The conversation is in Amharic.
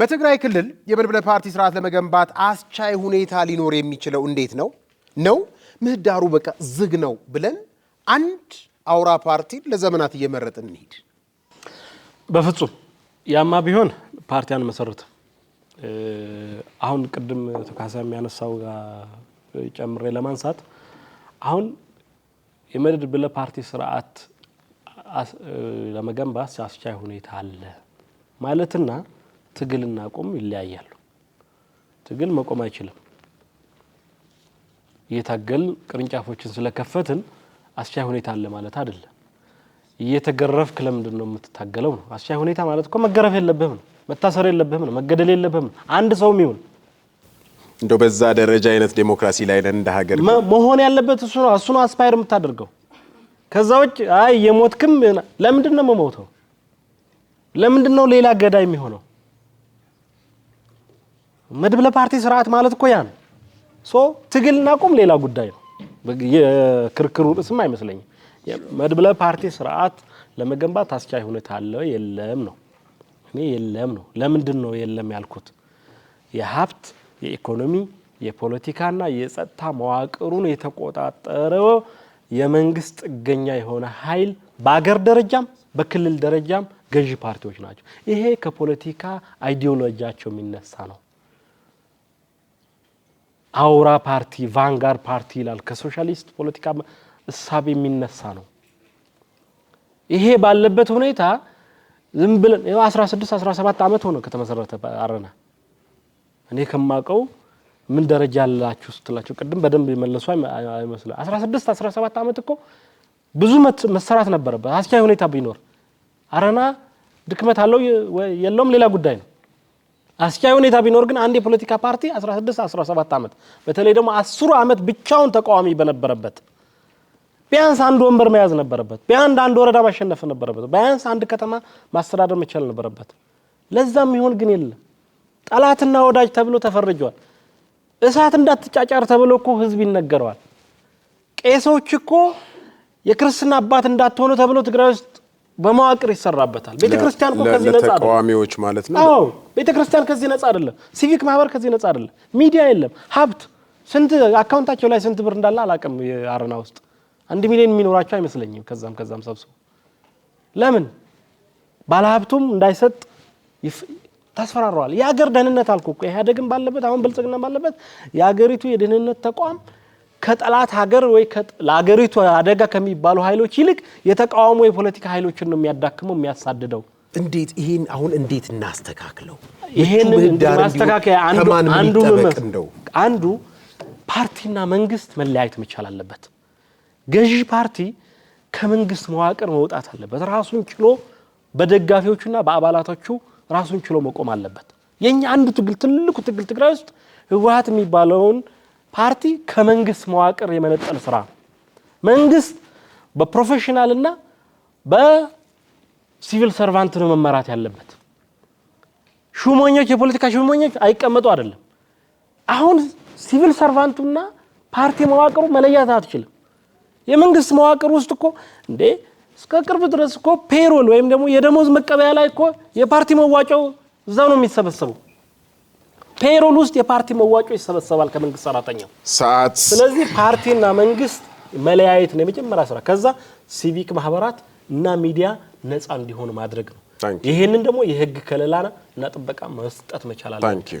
በትግራይ ክልል የመድብለ ፓርቲ ስርዓት ለመገንባት አስቻይ ሁኔታ ሊኖር የሚችለው እንዴት ነው ነው ምህዳሩ በቃ ዝግ ነው ብለን አንድ አውራ ፓርቲ ለዘመናት እየመረጥ እንሄድ በፍጹም ያማ ቢሆን ፓርቲ አንመሰርትም። አሁን ቅድም ተካሳ የሚያነሳው ጨምሬ ለማንሳት አሁን የመድብለ ፓርቲ ስርዓት ለመገንባት አስቻይ ሁኔታ አለ ማለትና ትግልና ቁም ይለያያሉ። ትግል መቆም አይችልም። እየታገልን ቅርንጫፎችን ስለከፈትን አስቻይ ሁኔታ አለ ማለት አይደለም። እየተገረፍክ ለምንድን ነው የምትታገለው? ነው አስቻይ ሁኔታ ማለት እኮ መገረፍ የለብህም ነው፣ መታሰር የለብህም ነው፣ መገደል የለብህም ነው። አንድ ሰውም ይሁን እንደ በዛ ደረጃ አይነት ዴሞክራሲ ላይ ነን እንደ ሀገር መሆን ያለበት እሱ ነው። እሱ ነው አስፓየር የምታደርገው። ከዛ ውጭ አይ የሞትክም ለምንድን ነው መሞተው? ለምንድን ነው ሌላ ገዳይ የሚሆነው? መድብለ ፓርቲ ስርዓት ማለት እኮ ያ ነው። ሶ ትግልና ቁም ሌላ ጉዳይ ነው። የክርክሩ ርዕስም አይመስለኝም። መድብለ ፓርቲ ስርዓት ለመገንባት አስቻይ ሁኔታ አለ የለም ነው። እኔ የለም ነው። ለምንድን ነው የለም ያልኩት? የሀብት የኢኮኖሚ የፖለቲካና የጸጥታ መዋቅሩን የተቆጣጠረ የመንግስት ጥገኛ የሆነ ኃይል በአገር ደረጃም በክልል ደረጃም ገዢ ፓርቲዎች ናቸው። ይሄ ከፖለቲካ አይዲዮሎጂያቸው የሚነሳ ነው። አውራ ፓርቲ ቫንጋር ፓርቲ ይላል። ከሶሻሊስት ፖለቲካ እሳብ የሚነሳ ነው። ይሄ ባለበት ሁኔታ ዝም ብለን 16 17 ዓመት ሆነ ከተመሰረተ አረና። እኔ ከማውቀው ምን ደረጃ ያላችሁ ስትላቸው ቅድም በደንብ የመለሱ አይመስልም። 16 17 ዓመት እኮ ብዙ መሰራት ነበረበት። አስቻይ ሁኔታ ቢኖር አረና ድክመት አለው የለውም ሌላ ጉዳይ ነው። አስቻይ ሁኔታ ቢኖር ግን አንድ የፖለቲካ ፓርቲ 16 17 ዓመት በተለይ ደግሞ አስሩ ዓመት ብቻውን ተቃዋሚ በነበረበት ቢያንስ አንድ ወንበር መያዝ ነበረበት። ቢያንስ አንድ ወረዳ ማሸነፍ ነበረበት። ቢያንስ አንድ ከተማ ማስተዳደር መቻል ነበረበት። ለዛም ይሆን ግን የለም። ጠላትና ወዳጅ ተብሎ ተፈርጇል። እሳት እንዳትጫጫር ተብሎ እኮ ህዝብ ይነገረዋል። ቄሶች እኮ የክርስትና አባት እንዳትሆኑ ተብሎ ትግራይ ውስጥ በመዋቅር ይሰራበታል። ቤተክርስቲያን እኮ ከዚህ ነጻ ተቃዋሚዎች ማለት ነው። አዎ ክርስቲያን ከዚህ ነጻ አይደለም። ሲቪክ ማህበር ከዚህ ነጻ አይደለም። ሚዲያ የለም። ሀብት ስንት አካውንታቸው ላይ ስንት ብር እንዳለ አላውቅም። አረና ውስጥ አንድ ሚሊዮን የሚኖራቸው አይመስለኝም። ከዛም ከዛም ሰብስቦ ለምን ባለሀብቱም እንዳይሰጥ ታስፈራረዋል። የሀገር ደህንነት አልኩ እኮ ኢህአዴግም ባለበት አሁን ብልጽግና ባለበት የሀገሪቱ የደህንነት ተቋም ከጠላት ሀገር ወይ ለሀገሪቱ አደጋ ከሚባሉ ኃይሎች ይልቅ የተቃውሞ የፖለቲካ ኃይሎችን ነው የሚያዳክመው የሚያሳድደው። እንዴት ይህን አሁን እንዴት እናስተካክለው? ይህን ማስተካከያ አንዱ አንዱ ፓርቲና መንግስት መለያየት መቻል አለበት። ገዢ ፓርቲ ከመንግስት መዋቅር መውጣት አለበት። ራሱን ችሎ በደጋፊዎቹና በአባላቶቹ ራሱን ችሎ መቆም አለበት። የኛ አንዱ ትግል ትልቁ ትግል ትግራይ ውስጥ ህወሀት የሚባለውን ፓርቲ ከመንግስት መዋቅር የመነጠል ስራ መንግስት በፕሮፌሽናል እና በሲቪል ሰርቫንት ነው መመራት ያለበት። ሹመኞች የፖለቲካ ሹመኞች አይቀመጡ አይደለም። አሁን ሲቪል ሰርቫንቱና ፓርቲ መዋቅሩ መለያት አትችልም። የመንግስት መዋቅር ውስጥ እኮ እንዴ እስከ ቅርብ ድረስ እኮ ፔሮል ወይም ደግሞ የደሞዝ መቀበያ ላይ እኮ የፓርቲ መዋጮው እዛው ነው የሚሰበሰበው። ፔሮል ውስጥ የፓርቲ መዋጮ ይሰበሰባል ከመንግስት ሰራተኛው ሰዓት። ስለዚህ ፓርቲና መንግስት መለያየት ነው የመጀመሪያ ስራ። ከዛ ሲቪክ ማህበራት እና ሚዲያ ነፃ እንዲሆን ማድረግ ነው። ይህንን ደግሞ የህግ ከለላና እና ጥበቃ መስጠት መቻላል።